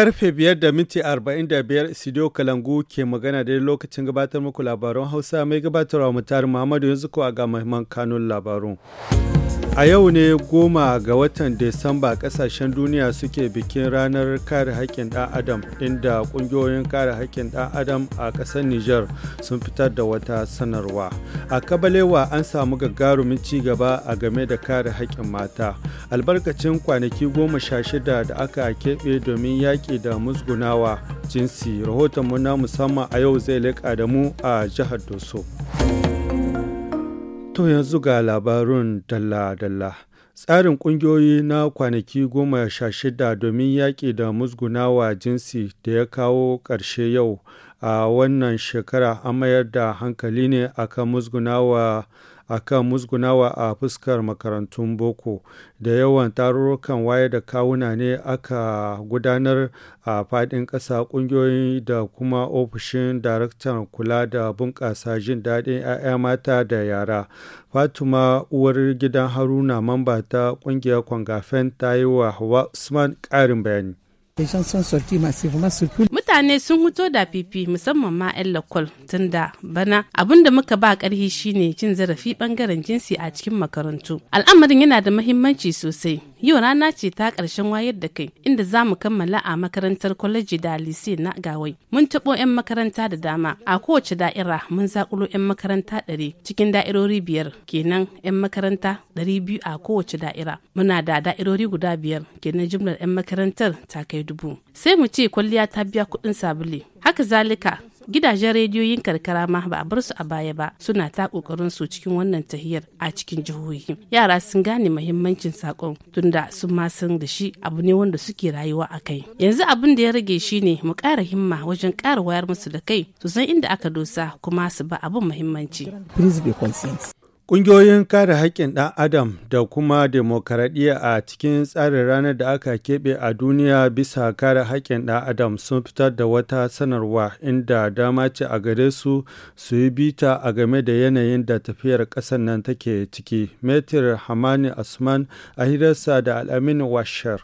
Karfe biyar da Kalangu ke magana da lokacin gabatar muku labaran Hausa mai gabatar wa mutar Muhammadu yanzu ko ga mahimman kanun labarun. A yau ne goma ga watan Disamba kasashen duniya suke bikin ranar kare haƙƙin ɗan Adam inda ƙungiyoyin kare haƙƙin ɗan Adam a ƙasar Nijar sun fitar da wata sanarwa. A Kabalewa an samu gagarumin ci gaba a game da kare haƙƙin mata. Albarkacin kwanaki goma sha shida da aka keɓe domin yaƙi yaƙi da musgunawa jinsi rahotonmu na musamman a yau zai leƙa da mu a jihar doso to yanzu ga labarun dalla-dalla tsarin ƙungiyoyi na kwanaki goma sha shida domin yaƙi da musgunawa jinsi da ya kawo ƙarshe yau a wannan shekara an mayar da hankali ne akan musgunawa a kan musgunawa a fuskar makarantun boko da yawan tarurrukan waye da kawuna ne aka gudanar a faɗin ƙasa ƙungiyoyi da kuma ofishin daraktan kula da bunƙasa jin daɗin 'ya'ya mata da yara fatima uwar gidan haruna mamba ta ƙungiyar kwangafen ta yi wa hawa usman ƙarin bayani Mutane sun huto da fifi musamman ma 'yan lakol tun da bana abun da muka ba ƙarfi shine cin zarafi bangaren jinsi a cikin makarantu. Al'amarin yana da mahimmanci sosai Yau rana ce ta ƙarshen wayar da kai inda za mu kammala a makarantar kwaleji da lise na gawai. Mun taɓo 'yan makaranta da dama a kowace da'ira mun zaƙulo 'yan makaranta ɗari cikin da'irori biyar kenan 'yan makaranta ɗari biyu a kowace da'ira. Muna da da'irori guda biyar kenan jumlar 'yan makarantar ta kai dubu. Sai mu ce kwalliya ta biya kuɗin sabulu. Haka zalika gidajen rediyoyin karkara ma ba a bar su a baya ba suna ta kokarin su cikin wannan tahiyar a cikin jihohi yara sun gane mahimmancin sakon tunda sun ma san da shi abu ne wanda suke rayuwa a kai yanzu abin da ya rage shi ne mu ƙara himma wajen ƙara wayar musu da kai su san inda aka dosa kuma su ba abin muhimmanci Ƙungiyoyin kare haƙƙin ɗan Adam da kuma demokaradiyya a cikin tsarin ranar da aka keɓe a duniya bisa kare haƙƙin ɗan Adam sun fitar da wata sanarwa inda dama ce a gare su su yi bita a game da yanayin da tafiyar ƙasar nan take ciki. Metir Hamani Asman a hirarsa da Al'amin Washer.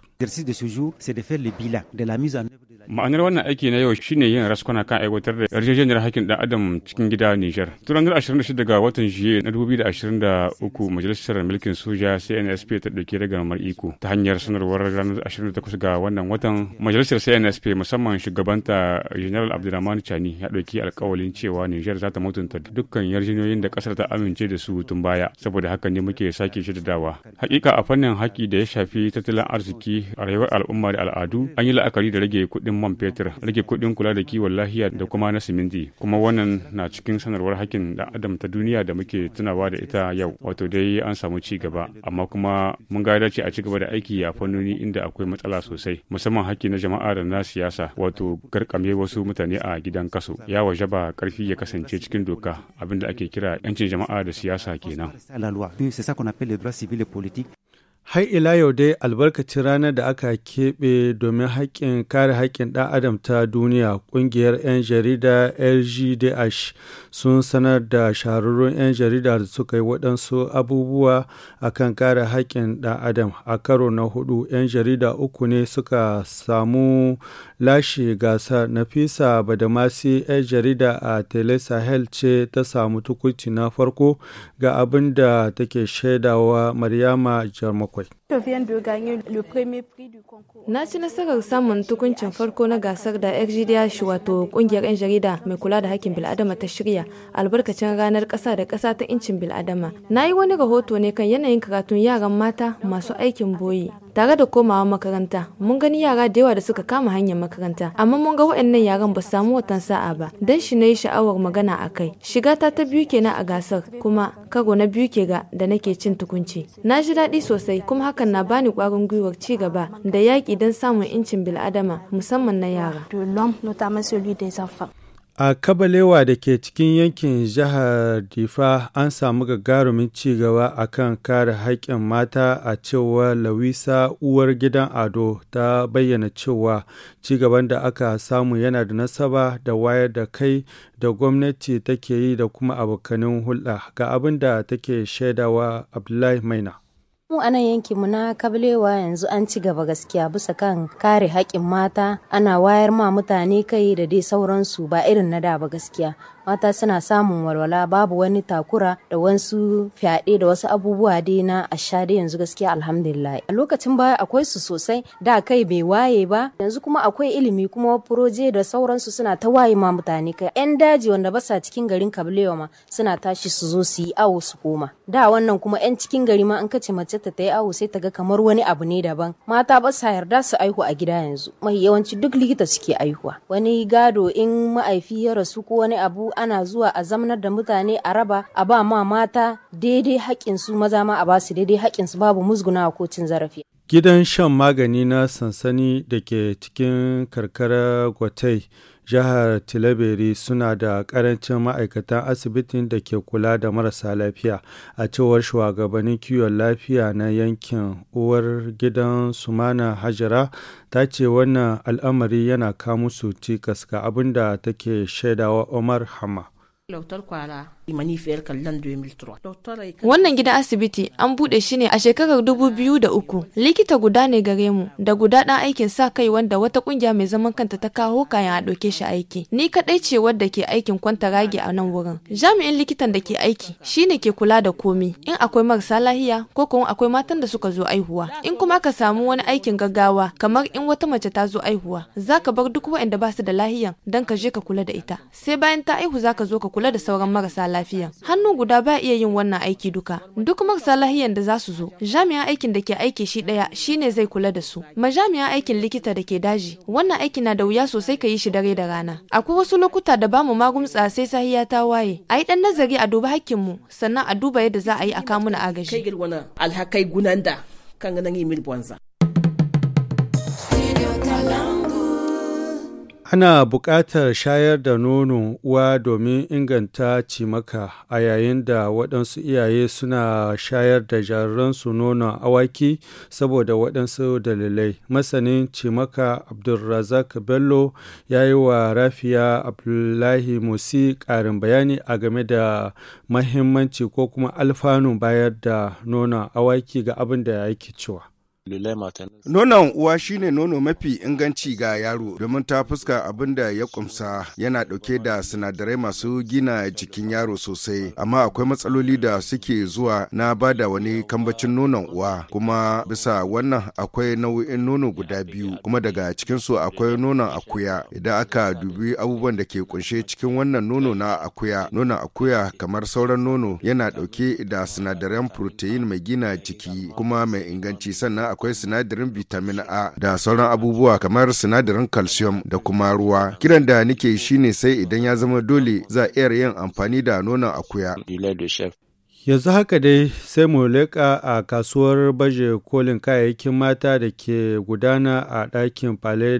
Ma'anar wannan aiki na yau shine yin raskwana kan aiwatar da yarjejeniyar hakkin dan adam cikin gida Nijar. Tun ranar 26 ga watan Juye na 2023 Majalisar Mulkin Soja CNSP ta dauki ragamar iko ta hanyar sanarwar ranar 28 ga wannan watan Majalisar CNSP musamman shugabanta General Abdulrahman Chani ya dauki alkawalin cewa Nijar za ta mutunta dukkan yarjejeniyoyin da kasar ta amince da su tun baya saboda haka ne muke sake dawa Hakika a fannin haƙi da ya shafi tattalin arziki a rayuwar al'umma da al'adu an yi la'akari da rage kuɗin man fetur rage kuɗin kula da kiwon lahiya da kuma na siminti kuma wannan na cikin sanarwar hakkin da adam ta duniya da muke tunawa da ita yau wato dai an samu ci gaba amma kuma mun ga dace a ci gaba da aiki a fannoni inda akwai matsala sosai musamman hakki na jama'a da na siyasa wato karkame wasu mutane a gidan kaso ya ba karfi ya kasance cikin doka abinda ake kira yancin jama'a da siyasa kenan Har ila yau dai albarkacin ranar da aka keɓe domin haƙƙin kare haƙƙin ɗan adam ta duniya ƙungiyar 'yan jarida LGDH sun sanar da shahararrun 'yan jarida da suka yi waɗansu abubuwa a kan kare haƙƙin ɗan adam a karo na hudu 'yan jarida uku ne suka samu lashe gasar nafisa badamasi 'yan jarida a tele sahel ce ta samu tukuci na farko ga abin da take shaidawa maryama jarmakwai Na ci nasarar samun tukuncin farko na gasar da XGDH wato kungiyar 'yan jarida mai kula da hakkin bil'adama ta shirya albarkacin ranar ƙasa da ƙasa ta incin bil'adama. Na yi wani rahoto ne kan yanayin karatun yaran mata masu aikin boyi. tare da komawa makaranta mun gani yara da yawa da suka kama hanyar makaranta amma mun ga waɗannan yaran ba samu watan sa'a ba dan shi na yi sha'awar magana a kai shiga ta ta biyu kenan a gasar kuma karo na biyu ke ga da nake cin tukunci na ji daɗi sosai kuma hakan na bani ƙwarin gwiwar ci gaba da yaƙi don samun incin bil'adama musamman na yara. A Kabalewa da ke cikin yankin jihar Difa an samu gagarumin cigaba gaba a kan kare haƙƙin mata a cewa Lawisa uwar gidan Ado ta bayyana cewa cigaban da aka samu yana da nasaba da wayar da kai da gwamnati take yi da kuma abokanin hulɗa ga abin da take shaidawa Abdullahi Maina. mu anan yankin mu na kablewa yanzu an ci gaba gaskiya bisa kan kare haƙƙin mata ana wayar ma mutane kai da dai sauransu ba irin na da ba gaskiya mata suna samun walwala babu wani takura da wasu fyaɗe da wasu abubuwa dai na asha dai yanzu gaskiya alhamdulillah a lokacin baya akwai su sosai da kai bai waye ba yanzu kuma akwai ilimi kuma furoje da sauransu suna ta waye ma mutane kai yan daji wanda basa cikin garin kabilewa ma suna tashi su zo su yi awo su koma da wannan kuma yan cikin gari ma an kace mace ta yi awo sai ta ga kamar wani abu ne daban mata ba sa yarda su aihu a gida yanzu mai yawanci duk likita suke aihuwa wani gado in ma'aifi ya rasu ko wani abu ana zuwa a zamanar da mutane a raba a ba ma mata daidai haƙƙin su maza ma a ba su daidai haƙƙin su babu musguna a cin zarafi. Gidan shan magani na sansani da ke cikin karkara Gwatai jihar tilaberi suna da karancin ma'aikatan asibitin da ke kula da marasa lafiya a cewar shugabannin kiwon lafiya na yankin uwar gidan sumana hajara ta ce wannan al'amari yana kamusu cikas ga abin da take shaidawa omar hama Wannan gidan asibiti an buɗe shi ne a shekarar 2003. Likita guda ne gare mu da guda ɗan aikin sa kai wanda wata kungiya mai zaman kanta ta kawo kayan a ɗauke shi aiki. Ni kaɗai ce wadda ke aikin kwanta rage a nan wurin. Jami'in likitan da ke aiki shi ne ke kula da komi. In akwai marasa lahiya ko kuma akwai matan da suka zo aihuwa. In kuma ka samu wani aikin gaggawa kamar in wata mace ta zo aihuwa za ka bar duk waɗanda ba su da lahiyan don ka je ka kula da ita. Sai bayan ta aihu za ka zo ka kula da sauran marasa lahiya. lafiya hannu guda ba iya yin wannan aiki duka duk marasa lahiyan da za su zo jami'an aikin da ke aiki shi ɗaya shine zai kula da su ma jami'an aikin likita da ke daji wannan aiki na da wuya sosai ka yi shi dare da rana akwai wasu lokuta da bamu magumtsa sai sahiya ta waye a yi ɗan nazari a duba mu sannan a duba yadda za a yi a kamuna agaji kan ganin mil bonza Ana buƙatar shayar da nonon uwa domin inganta cimaka a yayin da waɗansu iyaye suna shayar da jaransu nonon awaki saboda waɗansu dalilai. Masanin cimaka Abdulrazak Bello ya yi wa Rafiya Abdullahi Musi ƙarin bayani a game da mahimmanci ko kuma alfanu bayar da nonon awaki ga abin da ya yi cewa. Nonon uwa shine nono mafi inganci ga yaro domin ta fuska abin da ya kumsa yana dauke da sinadarai masu gina jikin yaro sosai amma akwai matsaloli da suke zuwa na bada wani kambacin nonon uwa kuma bisa wannan akwai nau'in nono guda biyu kuma daga cikinsu akwai nonon akuya idan aka dubi abubuwan da ke kunshe cikin wannan nono na akuya nonon akuya kamar sauran nono yana dauke da sinadaran protein mai gina jiki kuma mai inganci sannan akwai sinadarin vitamin A da sauran abubuwa kamar sinadarin calcium da kuma ruwa. Kiran da nike shine sai idan ya zama dole za a iya yin amfani da nonon akuya. Yanzu haka dai sai mu leƙa a kasuwar baje kolin kayayyakin mata da ke gudana a ɗakin Palais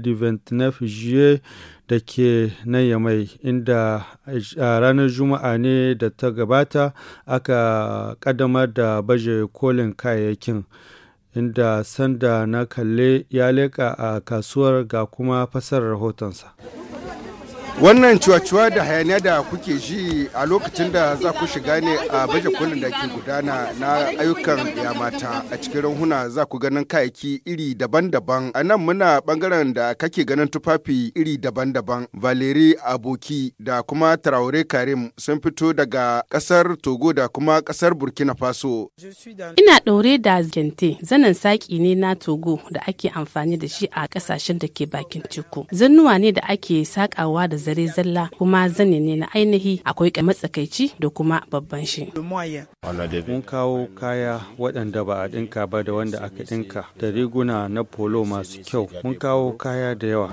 na ventnef Juillet da ke nan Yamai, inda a ranar Juma'a ne da ta gabata aka ƙaddamar da baje kolin kayayyakin. Inda sanda na kalle ya leƙa a kasuwar ga kuma fasar rahotonsa. wannan cuwa-cuwa da hayaniya da kuke ji a lokacin da za ku shiga ne a baje kolin da ke gudana na ayyukan ya mata a cikin ranhuna za ku ganin kayaki iri daban-daban a nan muna bangaren da kake ganin tufafi iri daban-daban valeri aboki da kuma traore karim sun fito daga kasar togo da kuma kasar burkina faso ina ɗaure da gente zanen saƙi ne na togo da ake amfani da shi a ƙasashen da ke bakin teku zannuwa ne da ake saƙawa da zare zalla kuma zane ne na ainihi akwai matsakaici da kuma babban shi. Mun kawo kaya waɗanda ba a ɗinka ba da wanda aka ɗinka da riguna na polo masu kyau. Mun kawo kaya da yawa.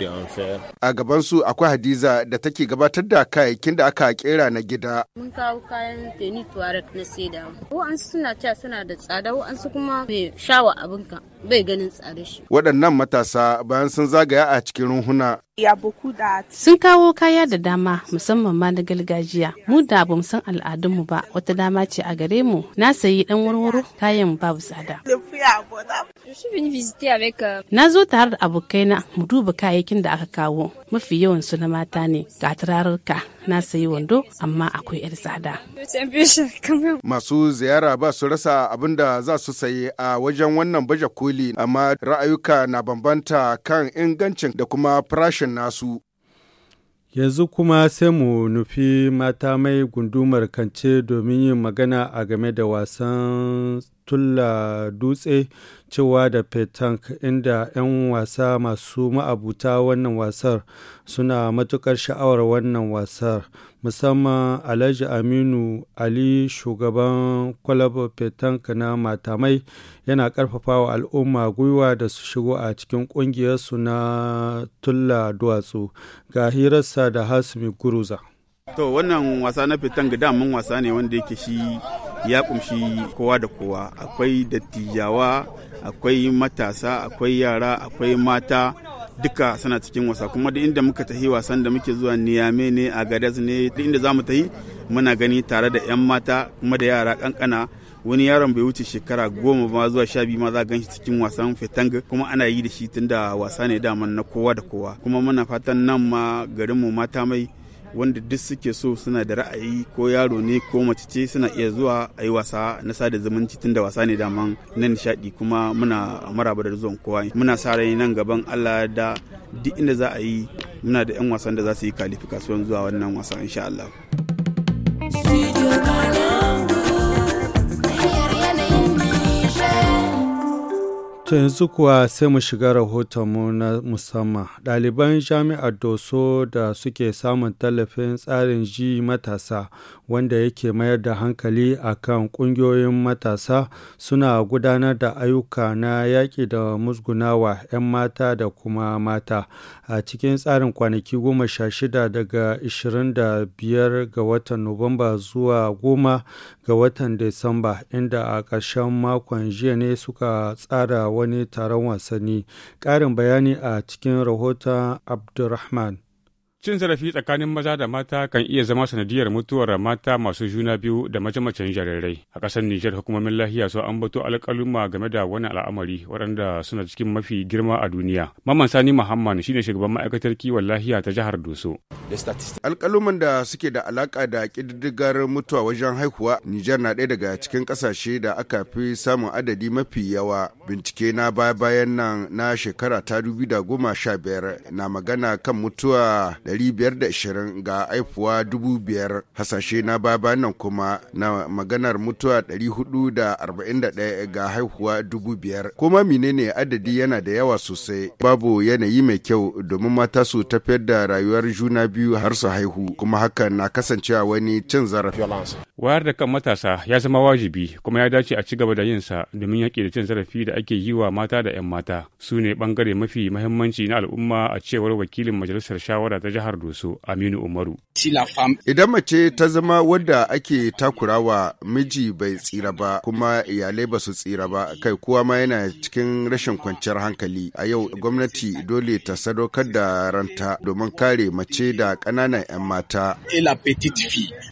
A gaban su akwai Hadiza da take gabatar da kayayyakin da aka kera na gida. Mun kawo kayan teni tuwarak na seda. Wa'ansu suna cewa suna da tsada wa'ansu kuma mai shawa abinka bai ganin tsada shi. Waɗannan matasa bayan sun zagaya a cikin ruhuna. Sun kawo kaya da dama musamman ma na gargajiya. Mu da bamu san al'adunmu ba wata dama ce a gare mu na sayi dan warwaro kayan babu tsada. lafiya gona. Euh, na zo tare da abokaina mu duba kayayyakin da aka kawo mafi yawan su na mata ne ga turarurka na sayi wando amma akwai yar tsada. Masu ziyara ba su rasa abin da za su sayi a wajen wannan baje koli amma ra'ayuka na bambanta kan ingancin da kuma farashin nasu. Yanzu kuma sai mu nufi mata mai gundumar kance domin yin magana a game da wasan tulla dutse cewa da petank inda 'yan wasa masu ma'abuta wannan wasar suna matukar sha'awar wannan wasar musamman alhaji aminu ali shugaban kwalab petank na matamai yana karfafa wa al'umma gwiwa da su shigo a cikin kungiyarsu na tulla duwatsu ga hirarsa da hasmi guruza to wannan wasa na petank daman wasa ne wanda yake shi ya kumshi kowa da kowa akwai dattijawa akwai matasa akwai yara akwai mata duka suna cikin wasa kuma duk inda muka tafi wasan da muke zuwa niyame ne a gadas ne duk inda za mu tafi muna gani tare da 'yan mata kuma da yara kankana wani yaron bai wuce shekara goma ba zuwa sha biyu ma za gan shi cikin wasan fetang kuma ana yi da shi tunda wasa ne daman na kowa da kowa kuma muna fatan nan ma garinmu mata mai wanda duk suke so suna da ra'ayi ko yaro ne ko mace ce suna iya zuwa a yi wasa na sada zumunci tun da wasa ne daman na nishadi kuma muna maraba da zuwan kowa muna sa rai nan gaban Allah da duk inda za a yi muna da 'yan wasan da za su yi kalifi zuwa wannan wasa insha Allah To yanzu kuwa sai mu shiga rahoton mu na musamman. Ɗaliban jami'ar Doso da suke samun tallafin tsarin ji matasa wanda yake mayar da hankali a kan ƙungiyoyin matasa suna gudanar da ayyuka na yaƙi da musgunawa 'yan mata da kuma mata a cikin tsarin kwanaki goma sha shida daga 25 ga watan Nuwamba zuwa goma ga watan Disamba inda a ƙarshen makon jiya ne suka tsara wani taron wasanni ƙarin bayani a cikin rahoton abdulrahman Cin zarafi tsakanin maza da mata kan iya zama sanadiyar mutuwar mata masu juna biyu da mace-macen jarirai. A ƙasar Nijar hukumomin lahiya su an bato alƙaluma game da wani al'amari waɗanda suna cikin mafi girma a duniya. Maman Sani Muhammad shine shugaban ma'aikatar kiwon lahiya ta jihar Doso. Alƙaluman da suke da alaƙa da ƙididdigar mutuwa wajen haihuwa Nijar na ɗaya daga cikin ƙasashe da aka fi samun adadi mafi yawa. Bincike na baya-bayan nan na shekara ta biyar na magana kan mutuwa da 520 ga aifuwa 5,000 hasashe na baba kuma na maganar mutuwa 441 ga haihuwa 5,000 kuma menene adadi yana da yawa sosai babu yanayi mai kyau domin mata su tafiyar da rayuwar juna biyu har su haihu kuma hakan na kasancewa wani cin zarafi wayar da kan matasa ya zama wajibi kuma ya dace a ci gaba da yinsa domin yaƙi da cin zarafi da ake yi wa mata da 'yan mata su ne ɓangare mafi mahimmanci na al'umma a cewar wakilin majalisar shawara ta jihar jihar Doso Aminu Umaru. Idan mace ta zama wadda ake takurawa miji bai tsira ba kuma iyalai ba su tsira ba kai kuwa ma yana cikin rashin kwanciyar hankali a yau gwamnati dole ta sadaukar da ranta domin kare mace da ƙananan 'yan mata.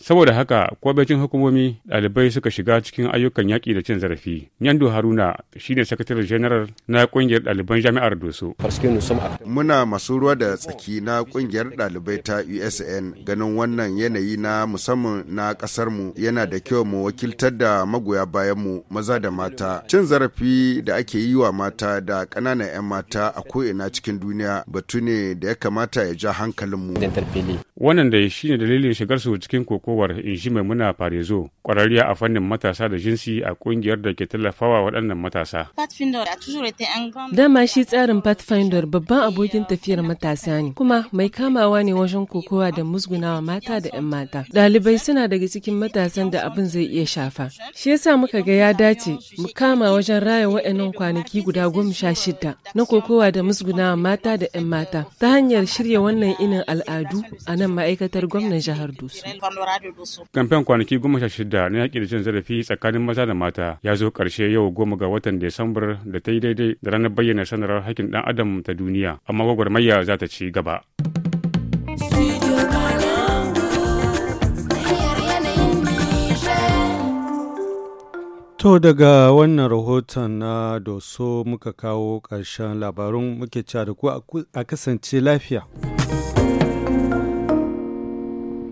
Saboda haka kwabacin hukumomi ɗalibai suka shiga cikin ayyukan yaƙi da cin zarafi. Nyando Haruna shine sakataren general na ƙungiyar ɗaliban jami'ar Doso. Muna masu ruwa da tsaki na ƙungiyar ɗalibai ta USN ganin wannan yanayi na musamman na ƙasarmu yana da kyau mu wakiltar da magoya bayanmu maza da mata. Cin zarafi da ake yi wa mata da ƙananan 'yan mata a ko'ina cikin duniya batu ne da ya kamata ya ja hankalinmu. Wannan da shi ne dalilin shigar su cikin kokowar in shi mai muna farezo ƙwararriya a fannin matasa da jinsi a ƙungiyar da ke tallafawa waɗannan matasa. Dama shi tsarin Pathfinder babban abokin tafiyar matasa ne kuma mai kamawa kowa ne wajen kokowa da musgunawa mata da 'yan mata. Ɗalibai suna daga cikin matasan da abin zai iya shafa. Shi yasa muka ga ya dace mu kama wajen raya wa'annan kwanaki guda goma sha shida na kokowa da musgunawa mata da 'yan mata ta hanyar shirya wannan inin al'adu a nan ma'aikatar gwamnan jihar Dusu. Kamfen kwanaki goma sha shida na yaƙi da cin zarafi tsakanin maza da mata ya zo ƙarshe yau goma ga watan Desambar da ta yi daidai da ranar bayyana sanarwar haƙƙin ɗan adam ta duniya amma gwagwarmaya za ta ci gaba. To daga wannan rahoton na doso muka kawo ƙarshen labarun muke cewa da ku a kasance lafiya.